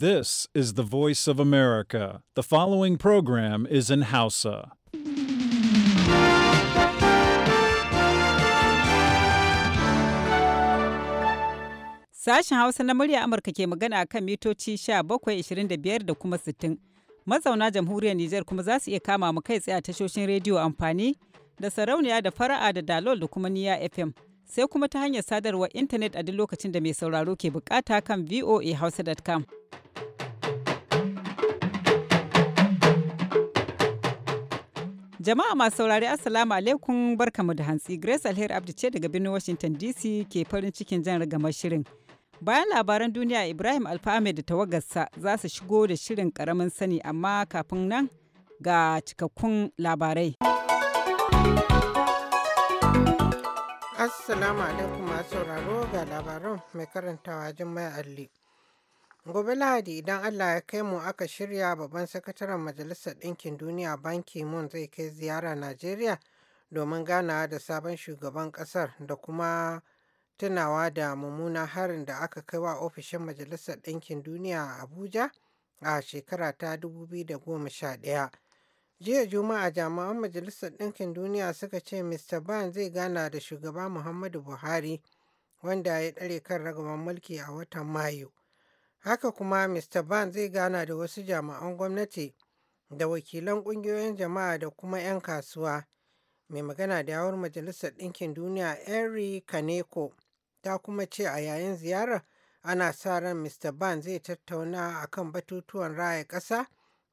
This is the voice of America. The following program is in Hausa. Sashen Hausa na murya Amurka ke magana kan mitoci 1725 da kuma 60. Mazauna jamhuriyar Nijar kuma za su iya kama mu kai tsaye a tashoshin rediyo amfani da sarauniya da fara'a da dalol da kuma niya FM. Sai kuma ta hanyar sadarwa intanet a duk lokacin da mai sauraro ke bukata kan voahausa.com. Jama'a masu saurari Assalamu alaikum barkamu da hantsi Grace Alheri Abdi ce daga birnin Washington DC ke farin cikin jan rigamar shirin. Bayan labaran duniya Ibrahim Alfame da tawagarsa za su shigo da shirin karamin sani amma kafin nan ga cikakkun labarai. Assalamu alaikum masu sauraro ga labaran mai karantawa Jummai Alli. Gobe Lahadi idan Allah ya kai mu aka shirya babban sakataren Majalisar Ɗinkin Duniya Ban ki zai kai ziyara Najeriya domin ganawa da sabon shugaban ƙasar da kuma tunawa da mummunan harin da aka kai wa ofishin Majalisar Ɗinkin Duniya a Abuja a shekara ta 2011. Jiya Juma'a jami'an Majalisar Ɗinkin Duniya suka ce Mr. Ban zai gana da shugaba Muhammadu Buhari wanda ya ɗare kan ragaban mulki a watan Mayu. Haka kuma Mr. Ban zai gana da wasu jami'an gwamnati da wakilan ƙungiyoyin jama'a da kuma 'yan kasuwa. Mai magana da yawon Majalisar Ɗinkin Duniya Henry Kaneko ta kuma ce a yayin ziyarar ana sa ran Mr. Ban zai tattauna a kan batutuwan raya ƙasa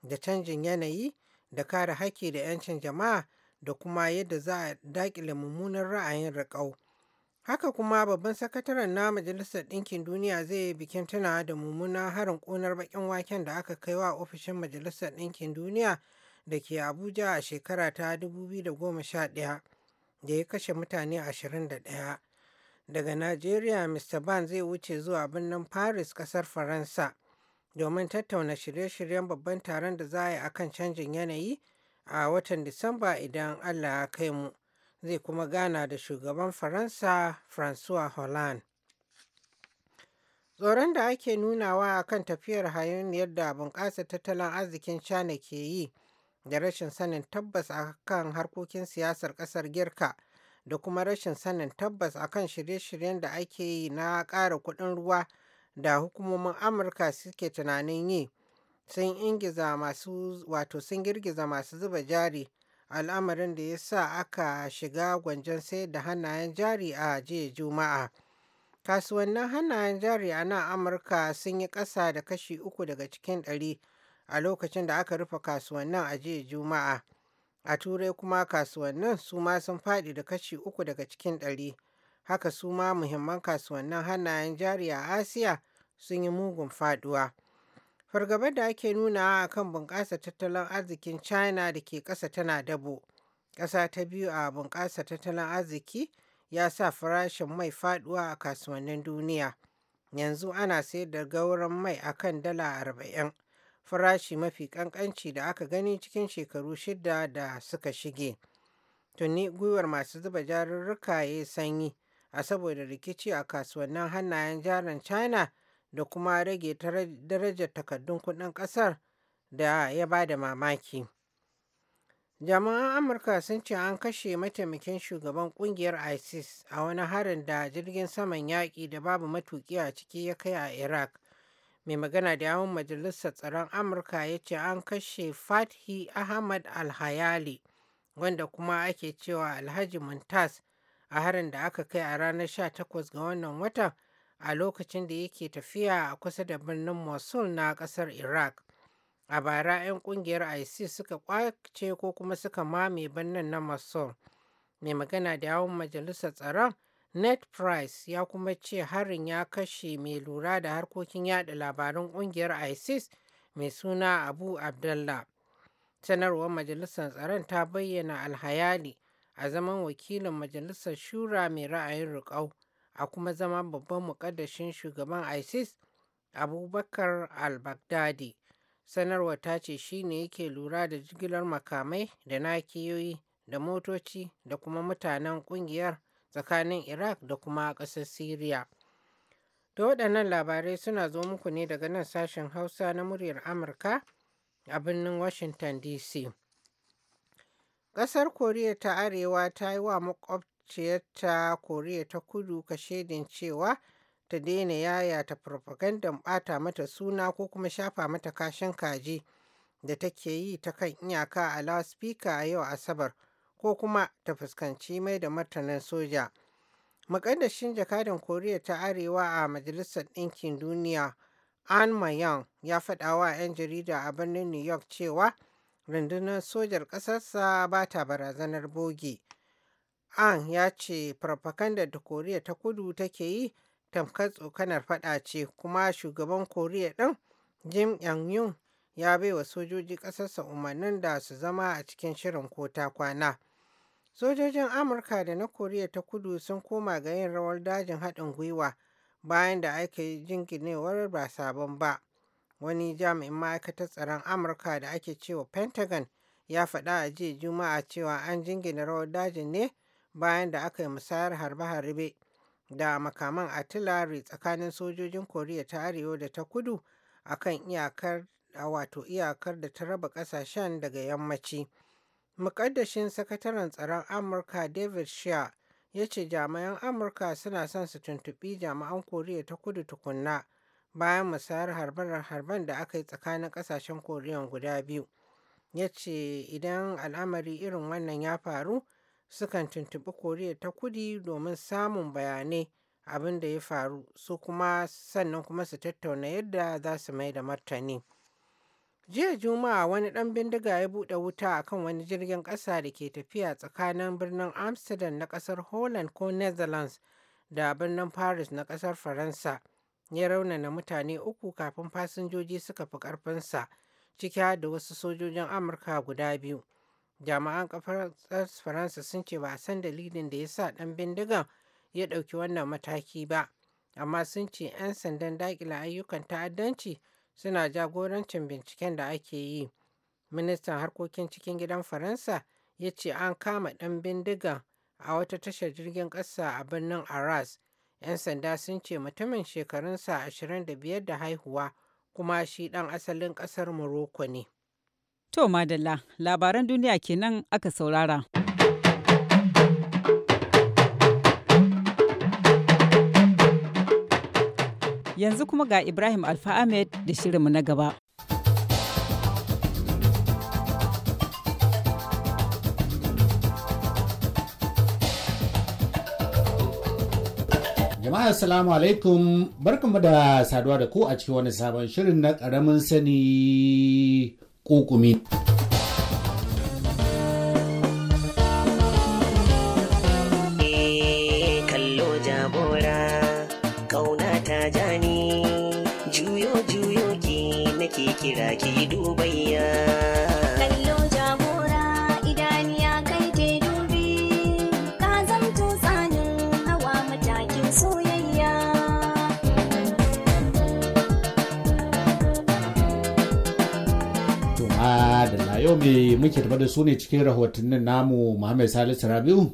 da canjin yanayi da kare haƙƙi da 'yancin jama'a da kuma yadda za a daƙile mummunan ra'ayin riƙau. Haka kuma babban sakataren na Majalisar Ɗinkin Duniya zai yi bikin tunawa da mummunan harin ƙunar bakin waken da aka kai wa ofishin Majalisar Ɗinkin Duniya da ke Abuja a shekara ta 2011 da ya kashe mutane 21. Daga Najeriya, Mr. Ban zai wuce zuwa birnin Paris, ƙasar Faransa, domin tattauna shirye-shiryen babban taron da za a yi akan canjin yanayi a watan Disamba idan Allah ya kai mu. zai kuma gana da shugaban faransa francois hollande tsoron da ake nunawa a kan tafiyar hayan da bunƙasa tattalin arzikin china ke yi da rashin sanin tabbas a kan harkokin siyasar ƙasar girka da kuma rashin sanin tabbas a kan shirye-shiryen da ake yi na ƙara kuɗin ruwa da hukumomin amurka suke tunanin yi sun ingiza masu wato sun girgiza masu zuba jari al'amarin da ya sa aka shiga Gwanjan sayar da hannayen jari a jiya juma'a kasuwannin hannayen jari a nan amurka sun yi ƙasa da kashi uku daga cikin ɗari a lokacin da aka rufe kasuwannin a jiya juma'a a turai kuma kasuwannin su ma sun faɗi da kashi uku daga cikin ɗari haka su ma muhimman kasuwannin hannayen jari a asiya sun yi mugun faɗuwa. fargabar da ake nunawa a kan bunƙasa tattalin arzikin china da ke ƙasa tana dabo ƙasa ta biyu a bunƙasa tattalin arziki ya sa farashin mai faduwa a kasuwannin duniya yanzu ana sayar da gauran mai a kan dala 40 farashi mafi ƙanƙanci da aka gani cikin shekaru shida da suka shige tuni gwiwar masu zuba jarurruka ya sanyi a saboda rikici a kasuwannin hannayen jaran china da kuma rage darajar takardun kudin kasar da ya ba da mamaki. Jami'an Amurka sun ce an kashe mataimakin shugaban kungiyar ISIS a wani harin da jirgin saman yaƙi da babu matuƙi a ciki ya kai a Iraq. Mai magana da yawon Majalisar Tsaron Amurka ya ce an kashe Fathi Ahmad Alhayali, wanda kuma ake cewa Alhaji Muntas a harin da aka kai a ranar 18 ga wannan watan a lokacin da yake tafiya a kusa da birnin mosul na kasar iraq a bara 'yan kungiyar isis suka kwace ko kuma suka mame birnin na mosul mai magana da yawon majalisar tsaron net price ya kuma ce harin ya kashe mai lura da harkokin yada labarun kungiyar isis mai suna abu abdullah sanarwar majalisar tsaron ta bayyana alhayali a zaman wakilin majalisar shura mai ra'ayin riƙau a kuma zama babban mukaddashin shugaban isis abubakar al-baghdadi sanarwa ta ce shi ne yake lura da jigilar makamai da nakiyoyi da motoci da kuma mutanen kungiyar tsakanin iraq da kuma ƙasar syria da waɗannan labarai suna zo muku ne daga nan sashen hausa na muryar amurka a birnin washington dc ƙasar koriya ta arewa ta yi wa ta koriya ta kudu ka shaidin cewa ta daina yaya ta farfagandan bata mata suna ko kuma shafa mata kashin kaji da take yi ta kan iyaka a loudspeaker a yau asabar ko kuma ta fuskanci mai da martanin soja makadashin jakadan Koriya ta Arewa a Majalisar Ɗinkin Duniya, An Mayan, ya faɗa wa 'yan jarida a birnin New York cewa rundunar sojar ƙasarsa ba ta barazanar boge. An ya ce farfakanda da Koriya ta kudu take yi tamkar tsokanar fada ce kuma shugaban Koriya ɗin Jim Yang-yun ya baiwa sojoji ƙasarsa umarnin da su zama a cikin shirin ko ta kwana. Sojojin Amurka da na Koriya ta kudu sun koma ga yin rawar dajin haɗin gwiwa bayan da aka yi jinginewar ba sabon ba. Wani jami'in ma'aikatar tsaron Amurka da ake cewa Pentagon ya faɗa a jiya Juma'a cewa an jingina rawar dajin ne bayan da aka yi musayar harbe-harbe da makaman artillery tsakanin sojojin koriya ta arewa da ta kudu akan iyakar a wato iyakar da ta raba kasashen daga yammaci mukaddashin sakataren tsaron amurka david shea ya ce jami'an amurka suna son su tuntuɓi jami'an koriya ta kudu tukunna bayan musayar harben da aka yi tsakanin kasashen koriyan guda biyu ya ce idan al'amari irin wannan ya faru sukan tuntuɓi koriya ta kudi domin samun bayanai abin da ya faru su kuma sannan kuma su tattauna yadda za su mai da martani jiya juma'a wani ɗan bindiga ya buɗe wuta a kan wani jirgin ƙasa da ke tafiya tsakanin birnin amsterdam na ƙasar holland ko netherlands da birnin paris na ƙasar faransa ya raunana mutane uku kafin fasinjoji suka fi ƙarfinsa ciki da wasu sojojin amurka guda biyu jami'an kafar faransa sun ce ba a san dalilin da ya sa ɗan bindigan ya ɗauki wannan mataki ba amma sun ce 'yan sandan dakila ayyukan ta'addanci suna jagorancin binciken da ake yi ministan harkokin cikin gidan faransa ya ce an kama ɗan bindigan a wata tashar jirgin ƙasa a birnin arras 'yan sanda sun ce mutumin shekarunsa 25 da haihuwa kuma shi ɗan asalin ƙasar morocco ne To Madalla, labaran duniya kenan aka saurara. Yanzu kuma ga Ibrahim Alfa Ahmed da shirinmu na gaba. jama'a salamu alaikum barkanmu da saduwa da ku a cikin wani sabon shirin na ƙaramin sani 多く見 yau me muke tafa da su ne cikin rahotannin namu Muhammad Salisu Rabiu.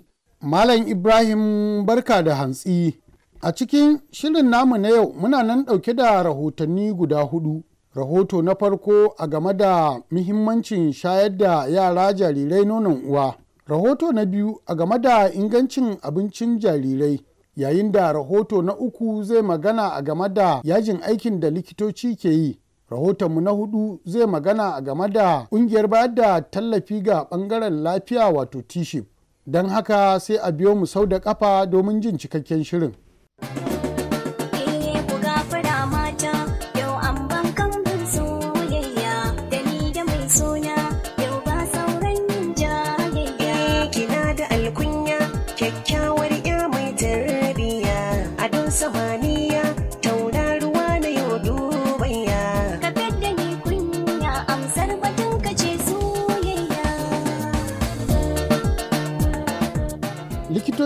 Malam Ibrahim barka da hantsi. A cikin shirin namu na yau muna nan ɗauke da rahotanni guda hudu. Rahoto na farko a game da muhimmancin shayar da yara jarirai nonon uwa. Rahoto na biyu a game da ingancin abincin jarirai. Yayin da rahoto na uku zai magana a game da yajin aikin da likitoci ke yi. rahotonmu na hudu zai magana a game da kungiyar bayar da tallafi ga ɓangaren lafiya wato tishif don haka sai a biyo mu sau da kafa domin jin cikakken shirin eh, kyakkyawar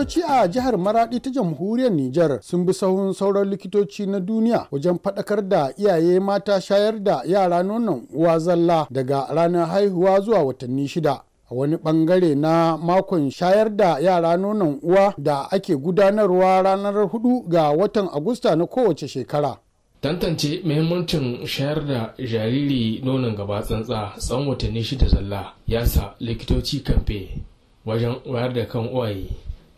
likitoci a jihar maradi ta jamhuriyar nijar sun bi sahun sauran likitoci na duniya wajen faɗakar da iyaye mata shayar da yara nonon uwa zalla daga ranar haihuwa zuwa watanni shida a wani bangare na makon shayar da yara nonon uwa da ake gudanarwa ranar hudu ga watan agusta na kowace shekara tantance mahimmancin shayar da jariri nonon gaba tsantsa tsawon watanni shida zalla ya sa likitoci kamfe wajen wayar da kan uwaye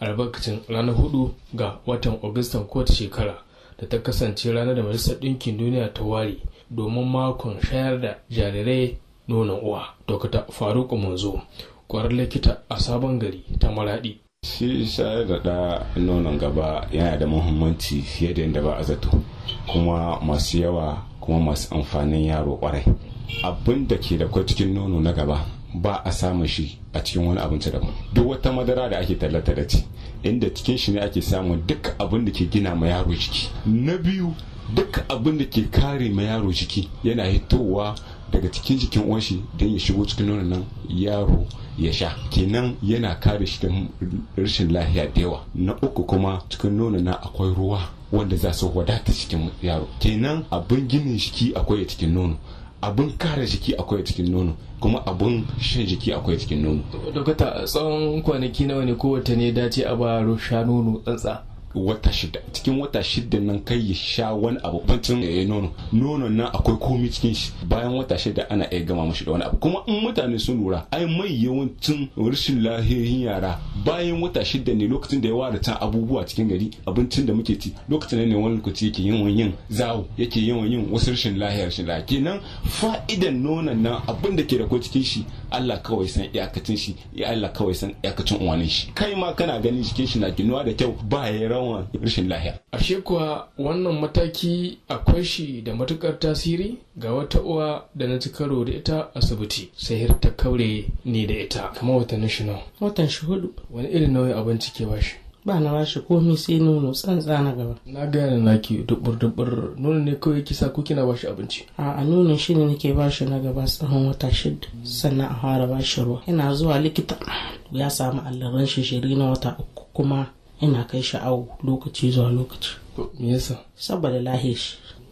albarkacin ranar hudu ga watan Agustan kowace shekara da ta kasance ranar da Majalisar Ɗinkin Duniya ta ware domin makon shayar da jarirai nonon uwa. dokata Faruk Manzo, kwarar likita a sabon gari ta maradi. Shi shayar da ɗa nonon gaba yana da muhimmanci fiye da yadda ba a zato, kuma masu yawa kuma masu amfanin yaro kwarai. Abin da ke da kwai cikin nono na gaba ba a samun shi a cikin wani abinci da duk wata madara da ake tallata da ci inda cikin shi ne ake samun duk abin da ke gina ma yaro jiki na biyu duk abin da ke kare ma yaro jiki yana hitowa daga cikin jikin uwanshi don ya shigo cikin nonon nan yaro ya sha kenan yana kare shi da rashin lahiya da yawa na uku kuma cikin nonon nan akwai ruwa wanda za su wadata cikin yaro kenan abin ginin jiki akwai a cikin nono abin kare jiki akwai cikin nono kuma abin shan jiki akwai cikin nono dokta tsawon kwanaki nawa ne kowace ne dace a ba sha nono tsantsa wata shida cikin wata shida nan kai ya sha wani abu bancin ya eh, nono nono nan akwai komi cikin shi bayan wata shida ana iya gama mashi da wani abu kuma in mutane sun lura ai mai yawancin rashin lahiyoyin yara bayan wata shidda ne lokacin da ya ware ta abubuwa cikin gari abincin da muke ci lokacin ne wani lokaci yake yawan yin zawo yake yawan yin wasu rashin lahiyar rashin kenan fa'idan nonon nan abin da ke da ko cikin shi Allah kawai san iyakacin shi ya Allah kawai san iyakacin uwanin shi kai ma kana ganin jikin shi na ginuwa da kyau ba ya rawan rashin lahiya ashe kuwa wannan mataki akwai shi da matukar tasiri ga wata uwa da na ci karo da ita asibiti sai har ta kaure ni da ita kamar watanni shi watan shi hudu wani irin nauyin abinci ke bashi ba na bashi komai sai nono tsantsa na gaba na yana naki dubur dubur nono ne kawai kisa ko kina bashi abinci a a nono shi ne nake bashi na gaba tsawon wata shida sannan a fara bashi ruwa Yana zuwa likita ya samu allaran shishiri na wata uku kuma ina kai sha'awu lokaci zuwa lokaci me yasa saboda lahe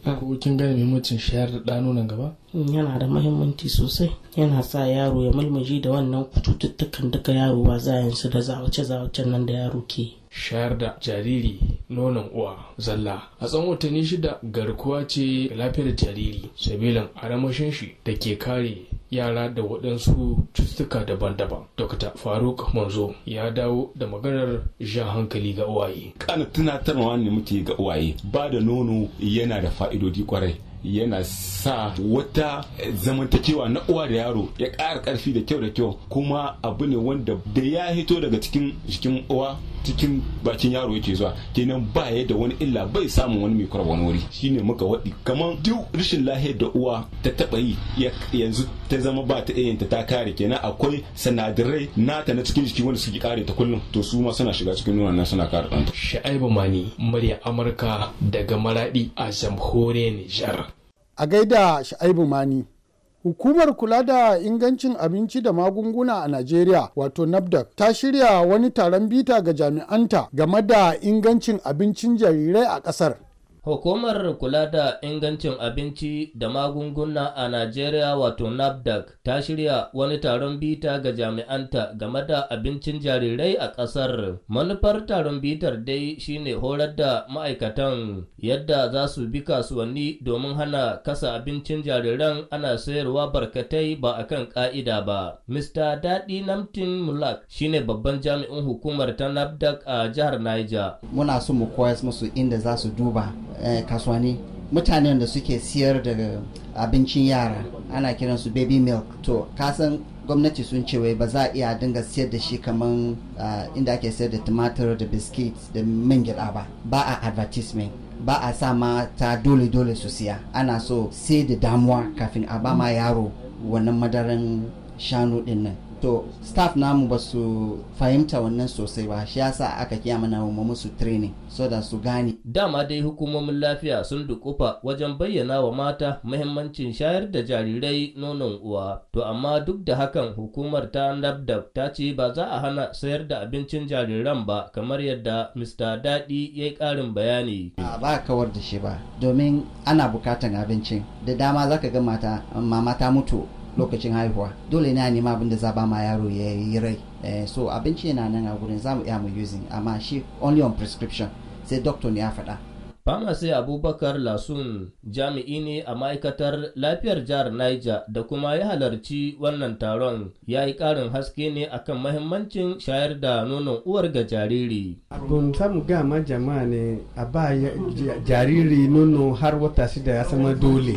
Ah. kin gane muhimmancin shayar da ɗano nan gaba mm, yana da mahimmanci sosai yana sa yaro ya mulmuje da wannan cututtukan duka yaro ba za su da zawace zawacen nan da yaro ke shayar da jariri nonon uwa zalla a tsawon watanni shida garkuwa ce lafiyar jariri sabilin aramashin shi da ke kare yara da waɗansu cututtuka daban-daban. Dokta Faruk Manzo ya dawo da maganar jan hankali ga uwaye. Kana tunatarwa ne muke ga uwaye ba da nono yana da fa'idodi kwarai. yana sa wata zamantakewa na uwa da yaro ya ƙara ƙarfi da kyau da kyau kuma abu ne wanda da ya hito daga cikin jikin uwa cikin bakin yaro yake zuwa kenan ba ya da wani illa bai samun wani mikrob wani wuri shine muka waɗi kamar duk rashin lahiyar da uwa ta taɓa yi yanzu ta zama ba ta iya ta kare kenan akwai sinadarai nata na cikin jiki wanda suke kare ta kullum to su ma suna shiga cikin nuna na suna kare ɗanta. Sha'ibu Mani murya Amurka daga maraɗi a jamhuriyar Nijar. a gaida sha'aibu mani Hukumar kula da ingancin abinci da magunguna a Najeriya wato NAFDAC ta shirya wani taron bita ga jami'anta game da ingancin abincin jarirai a ƙasar. Hukumar kula da ingancin abinci da magunguna a Najeriya wato NAFDAC ta shirya wani taron bita ga jami'anta game da abincin jarirai a ƙasar. Manufar taron bitar dai shine horar da ma'aikatan yadda za su bi kasuwanni domin hana kasa abincin jariran ana sayarwa barkatai ba a kan ƙa'ida ba. Mr. Daɗi Namtin Mulak shine babban jami'in hukumar ta NAFDAC a jihar Niger. Muna so mu koyas musu inda za su duba Eh, Kasuwani mutanen da suke siyar da abincin yara ana kiransu baby milk to kasan gwamnati sun ce wai ba za a iya dinga siyar da shi kamar inda ake siyar da tumatir da biskit da man gyaɗa ba ba a advertisement ba a sa ma ta dole dole su siya ana so sai da damuwa kafin a ba ma yaro wannan madaran shanu dinnan. to staff namu ba su fahimta wannan sosai ba shi yasa aka kiya mana mu musu training so da su gane dama dai hukumomin lafiya sun dukufa wajen bayyana wa mata muhimmancin shayar da jarirai nonon uwa to amma duk da hakan hukumar ta labdab ta ce ba za a hana sayar da abincin jariran ba kamar yadda mr daɗi ya yi ƙarin bayani ba kawar da shi ba domin ana bukatan abincin da dama zaka ga mata mama ta mutu lokacin haihuwa dole ne a nema abin da za ba ma yaro ya yi rai eh, so abinci yana nan a gurin za mu iya mu using amma shi only on prescription sai doctor ne ya faɗa Famasi Abubakar Lasun jami'i ne a ma'aikatar lafiyar jihar Niger da kuma ya halarci wannan taron ya yi ƙarin haske ne akan mahimmancin shayar da nonon uwar ga jariri. Bun samu gama jama'a ne a ba jariri nono har wata shida ya sama dole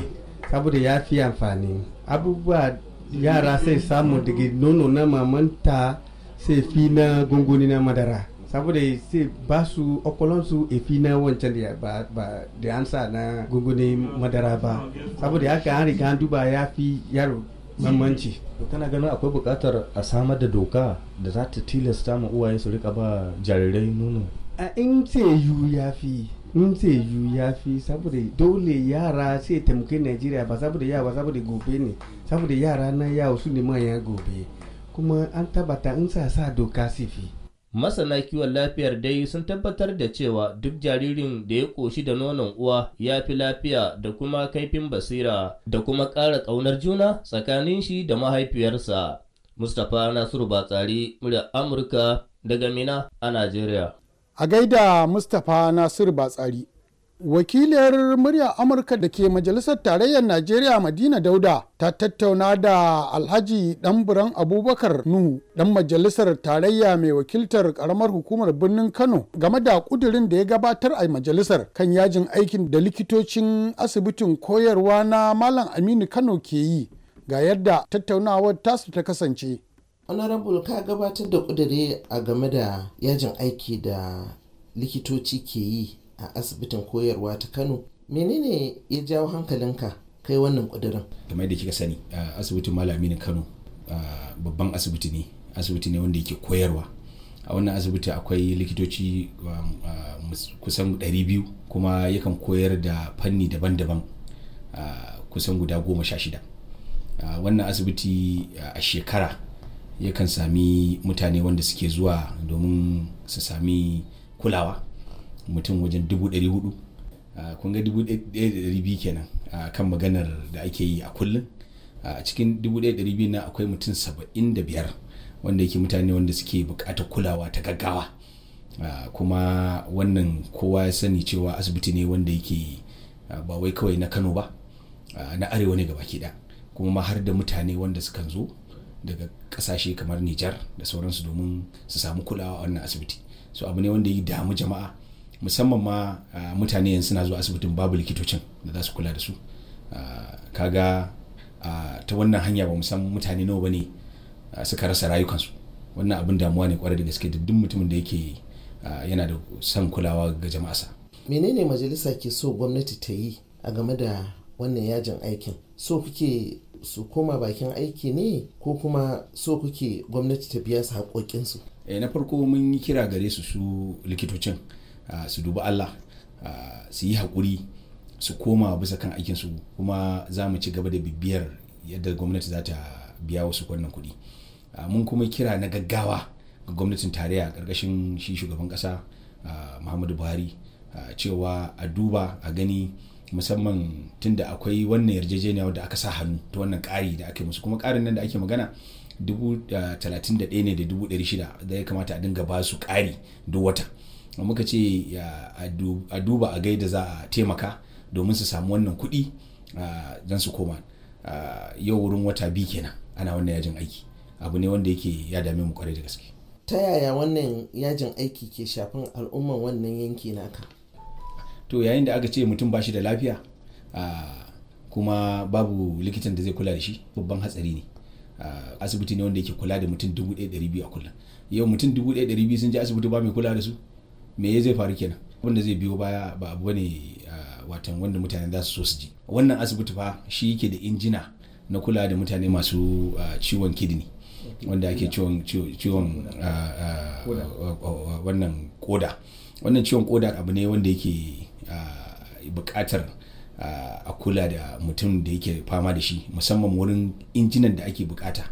saboda ya fi amfani. abubuwa yara sai samu daga nono na mamanta sai fi na gongoni na madara saboda sai ba su okolonsu e fi na wancan da ba, da an na gongoni madara ba saboda haka an riga an duba ya fi yaro mamanci to kana ganin akwai bukatar a samar da doka da za ta tilasta ma uwaye su rika ba jarirai nono a in sai yu ya fi in zai yu ya fi saboda dole yara sai taimaki nigeria ba saboda yawa saboda gobe ne saboda yara na yawo su ne manyan gobe kuma an tabbata in sa sa doka sifi masana kiwon lafiyar dai sun tabbatar da cewa duk jaririn da ya koshi da nonon uwa ya fi lafiya da kuma kaifin basira da kuma ƙara ƙaunar juna tsakanin shi da mahaifiyarsa mustapha nasiru batsari murya amurka daga mina a najeriya a gaida mustapha nasir batsari wakiliyar muryar amurka da ke majalisar tarayyar najeriya madina dauda ta tattauna da alhaji ɗanburan abubakar nuhu ɗan majalisar tarayya mai wakiltar karamar hukumar birnin kano game da ƙudurin da ya gabatar a majalisar kan yajin aikin da likitocin asibitin koyarwa na malam aminu kano ke yi ga yadda tattaunawar tasu ta kasance honorable ka gabatar da kudure a game da yajin aiki da likitoci ke yi a asibitin koyarwa ta kano menene ya jawo hankalinka kai wannan kudurin kamar da kika sani asibitin malami na kano babban asibiti ne asibiti ne wanda yake koyarwa a wannan asibiti akwai likitoci um, kusan 200 kuma yakan koyar da fanni daban-daban kusan guda goma sha shida wannan asibiti a shekara yakan sami mutane wanda suke zuwa domin su sami kulawa mutum wajen dubu ɗari kun ga dubu ɗari biyu kenan kan maganar da ake yi a kullum a cikin dubu na akwai mutum saba'in biyar wanda yake mutane wanda suke bukatar kulawa ta gaggawa kuma wannan kowa ya sani cewa asibiti ne wanda yake ba wai kawai na kano ba na arewa ne gaba ɗaya kuma ma har da mutane wanda sukan zo daga kasashe kamar Nijar da sauransu domin su samu kulawa a wannan asibiti so abu ne wanda ya damu jama'a musamman ma mutane yanzu suna zuwa asibitin babu likitocin da za su kula da su kaga ta wannan hanya ba san mutane nawa bane suka rasa rayukansu wannan abin damuwa ne kwarai da gaske da duk mutumin da yake yana da son kulawa ga sa. menene majalisa ke so gwamnati ta yi a game da wannan yajin aikin so kuke su koma bakin aiki ne ko kuma so kuke gwamnati ta biya su haƙoƙinsu e, na farko mun yi kira gare su su likitocin su dubi allah su yi haƙuri su koma bisa kan aikinsu kuma za mu ci gaba da bibiyar yadda gwamnati za ta biya wasu wannan kuɗi mun kuma kira na gaggawa ga gwamnatin tarayya ƙarƙashin shi shugaban ƙasa muhammadu buhari cewa a duba a gani musamman tunda akwai wannan yarjejeniya wadda aka sa hannu ta wannan ƙari da aka yi musu kuma ƙarin nan da ake magana dubu eh, talatin da ɗaya ne da dubu ɗari shida da ya kamata a dinga ba su ƙari duk wata muka ce a duba a gaida za a taimaka domin su samu wannan kuɗi ah, don su koma ah, yau wurin wata biyu kenan ana wannan yajin aiki abu ne wanda yake ya dame mu kwarai da gaske ta yaya wannan yajin aiki ke shafin al'umman wannan yanki naka to yayin da aka ce mutum ba shi da lafiya kuma babu likitan da zai kula da shi babban hatsari ne asibiti ne wanda yake kula da mutum 1200 a kullum yau mutum 1200 sun je asibiti ba mai kula da su me ya zai faru kenan wanda zai biyo baya ba abu bane watan wanda mutane za su so su ji wannan asibiti fa shi yake da injina na kula da mutane masu ciwon kidney wanda ake ciwon ciwon wannan koda wannan ciwon koda abu ne wanda yake buƙatar a kula da mutum da yake fama da shi musamman wurin injinan da ake bukata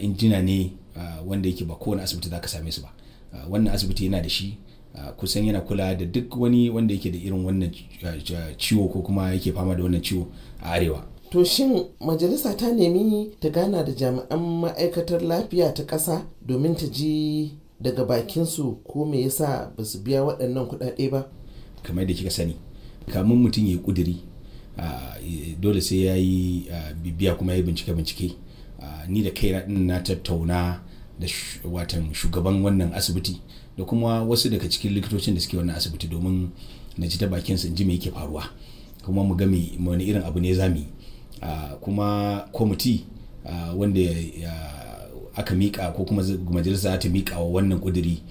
injina ne wanda yake ba kowane asibiti za ka same su ba wannan asibiti yana da shi kusan yana kula da duk wani wanda yake da irin wannan ciwo ko kuma yake fama da wannan ciwo a arewa to shin majalisa ta nemi ta gana da jami'an ma'aikatar lafiya ta ƙasa domin ta ji daga bakinsu ko me yasa ba su biya waɗannan kuɗaɗe ba kamar da kika sani kamun mutum ya yi kuduri dole sai ya yi bibiya kuma ya yi bincike bincike ni da kaina din na tattauna da watan shugaban wannan asibiti da kuma wasu daga cikin likitocin da suke wannan asibiti domin na ji ta bakinsa in ji me yake faruwa kuma mu ga wani irin abu ne zamu yi kuma kwamiti wanda aka mika ko kuma majalisa ta mika wa wannan kuduri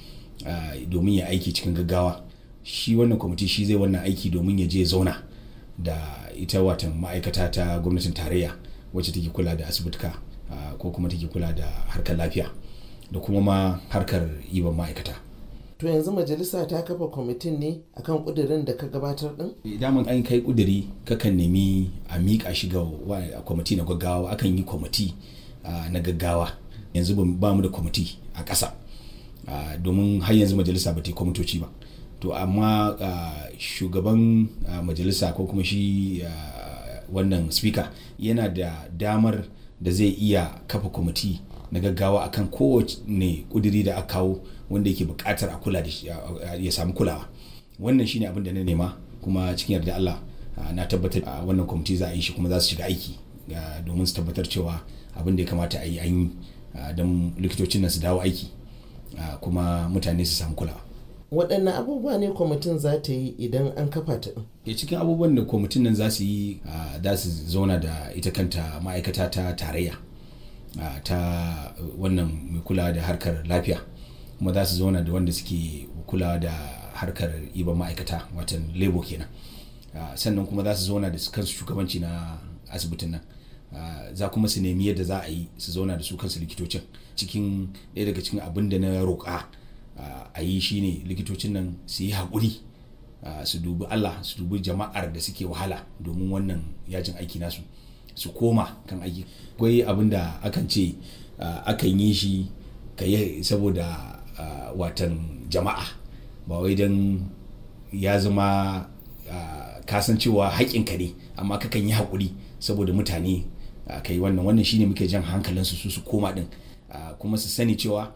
domin ya aiki cikin gaggawa shi wannan kwamiti shi zai wannan aiki domin ya je zauna da ita watan ma'aikata ta gwamnatin tarayya wacce take kula da asibitika ko kuma take kula da harkar lafiya da kuma ma harkar iban ma'aikata to yanzu majalisa ta kafa kwamitin ne akan kudirin da ka gabatar din idan eh, an kai kudiri kakan nemi a miƙa shi ga kwamiti na gaggawa akan yi kwamiti na gaggawa yanzu ba mu da kwamiti a ƙasa domin har yanzu majalisa ba ta yi kwamitoci ba to amma shugaban majalisa ko kuma shi wannan speaker yana da damar da zai iya kafa kwamiti na gaggawa akan kowace kuduri da aka kawo wanda yake bukatar a kula ya samu kulawa wannan shine abin da na nema kuma cikin yarda Allah na tabbatar a wannan kwamiti za a yi shi kuma za su shiga aiki domin su tabbatar cewa abin da ya kamata a yi an yi don likitocin nan su dawo aiki kuma mutane su samu kulawa waɗannan abubuwa ne kwamitin za ta yi idan an kafa ta ke eh, cikin abubuwan da kwamitin nan za su yi za su zauna da ita kanta ma'aikata ta tarayya ta wannan mai kula da harkar lafiya kuma za su zauna da wanda suke kula da harkar iban ma'aikata watan lebo kenan sannan kuma za su zauna da kansu shugabanci na asibitin nan za kuma su nemi yadda za a yi su zauna da su kansu likitocin cikin ɗaya daga cikin abin da na roƙa a yi shine likitocin nan su yi haƙuri su dubi Allah su dubi jama'ar da suke wahala domin wannan yajin aiki nasu su koma kan aiki akwai abin da akan ce akan yi shi ka yi saboda watan jama'a ba wai don ya zama kasancewa haƙinka ne amma kakan yi haƙuri saboda mutane ka yi wannan wannan shine muke jan hankalinsu su su koma din kuma su sani cewa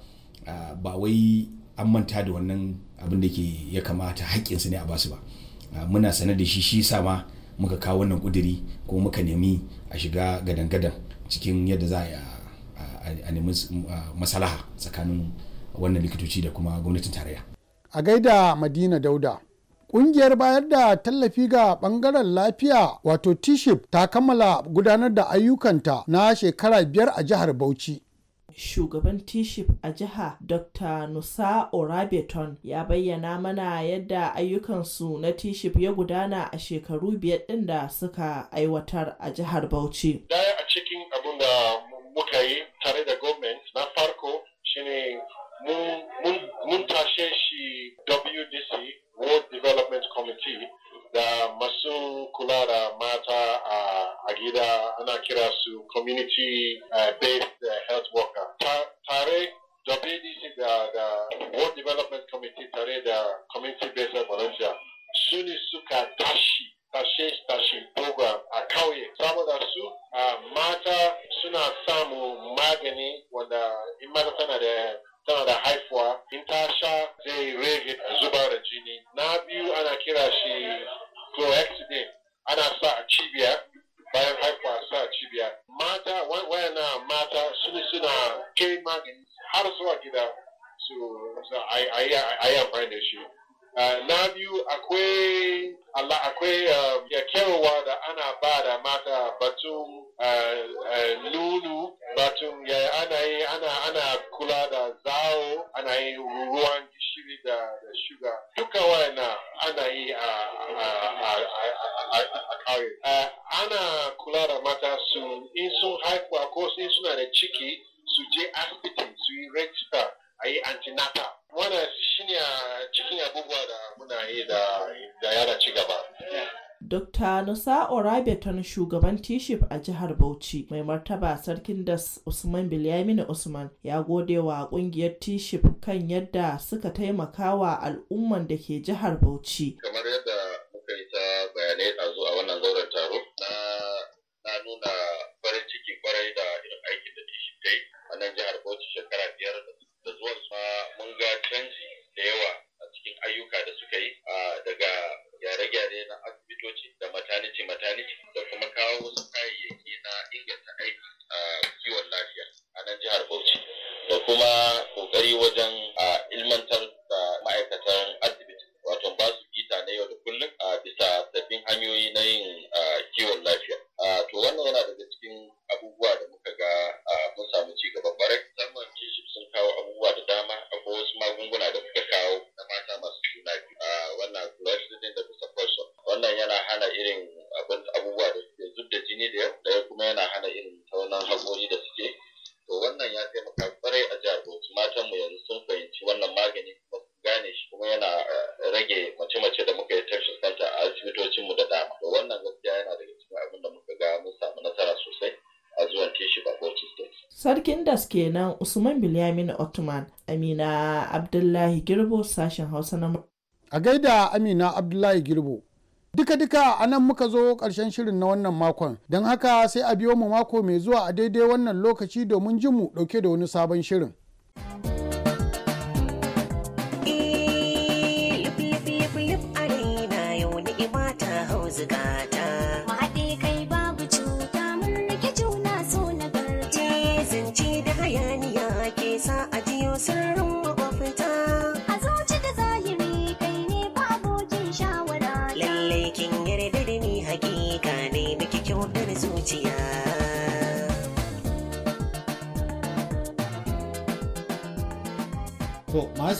ba wai an manta da wannan abin da ke ya kamata haƙƙinsu ne a basu ba muna sanar da shi shi sa ma muka kawo wannan ƙuduri ko muka nemi a shiga gadan-gadan cikin yadda za a nemi masalaha tsakanin wannan likitoci da kuma gwamnatin tarayya a gaida madina dauda Ƙungiyar bayar da tallafi ga ɓangaren lafiya wato t ta kammala gudanar da ayyukanta na shekara biyar a jihar Bauchi. shugaban t a jiha Dr. Nusa Orabeton ya bayyana mana yadda ayyukansu na t ya gudana a shekaru biyar ɗin da suka aiwatar a jihar Bauchi. Daya a cikin abin da muka yi tare da gwamnati na farko shine mun tashe shi WDC World Development Committee da masu kula da mata a gida ana kira su community eh, based eh, health worker tare WDC da, da World Development Committee tare da Community Based Volunteer su ne suka tashi tashe tashi program a kauye saboda su ah, mata suna samu magani wanda in mata tana da cikin abubuwa da muna yi da yara ci gaba. Dr. Nusa Orabeton shugaban Tishif a jihar Bauchi mai martaba sarkin das Usman Bilyaminu Usman ya gode wa kungiyar Tishif kan yadda suka taimaka wa al'umman da ke jihar Bauchi. Kamar yadda aikin da kuma kawo wasu kayayyaki na inganta aiki a kiwon lafiya a nan jihar Bauchi da kuma kokari wajen a ilmantar da ma'aikatan asibiti wato ba su gita na yau da kullum a bisa sabbin hanyoyi na yin kiwon lafiya. To wannan yana daga cikin abubuwa da muka ga mun samu ci gaba barai. Samun sun kawo abubuwa da dama akwai wasu magunguna da muka Sarkin das kenan Usman Bilyamin Ottoman, Amina Abdullahi Girbo sashen Hausa na A gaida Amina Abdullahi Girbo. Duka-duka a nan muka zo karshen shirin na wannan makon, don haka sai a biyo mu mako mai zuwa a daidai wannan lokaci domin jin mu ɗauke da wani sabon shirin.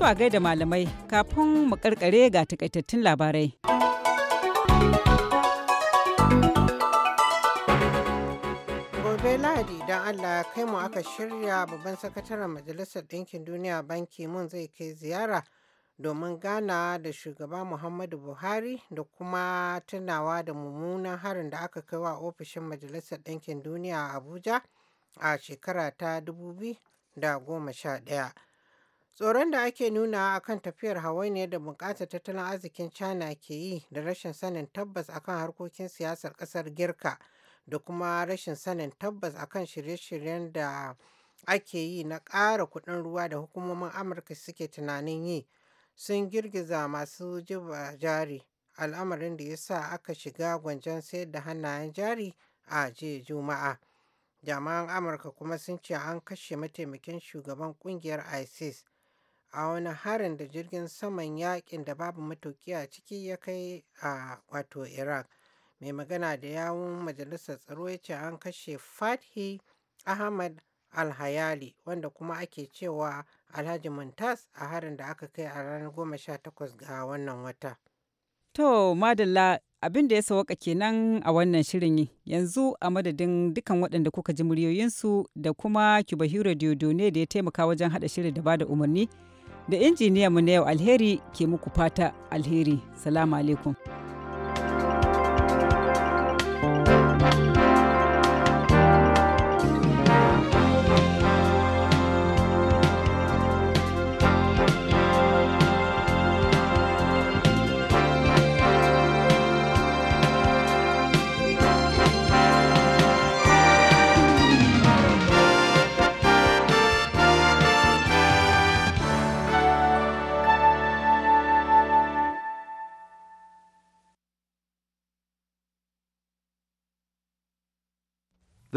zuwa a gaida malamai kafin mu karkare ga takaitattun labarai. Gobe Lahadi idan Allah ya kai mu aka shirya babban sakataren Majalisar Ɗinkin Duniya banki mun zai kai ziyara domin gana da shugaba Muhammadu Buhari da kuma tunawa da mummunan harin da aka kai wa ofishin Majalisar Ɗinkin Duniya a Abuja a shekara ta 2011. Tsoron da ake nuna a kan tafiyar ne da bukatar tattalin arzikin China ke yi da rashin sanin tabbas akan harkokin siyasar ƙasar Girka da kuma rashin sanin tabbas akan shirye-shiryen da ake yi na ƙara kuɗin ruwa da hukumomin Amurka suke tunanin yi sun girgiza masu jiba jari al'amarin da ya sa aka shiga gwanjan sayar da hannayen jari a jiya Juma'a. Jami'an Amurka kuma sun ce an kashe mataimakin shugaban kungiyar ISIS a wani harin da jirgin saman yakin da babu matuki a ciki ya kai a wato iraq mai magana da yawun majalisar tsaro ya ce an kashe fathi ahmad alhayali wanda kuma ake cewa alhaji muntas a harin da aka kai a ranar 18 ga wannan wata to madalla abin da ya sawaka kenan a wannan shirin yanzu a madadin dukan waɗanda kuka ji muryoyinsu da kuma kibahiro diodone da ya taimaka wajen haɗa shirin da bada umarni da injiniyanmu na yau alheri ke muku fata alheri salamu alaikum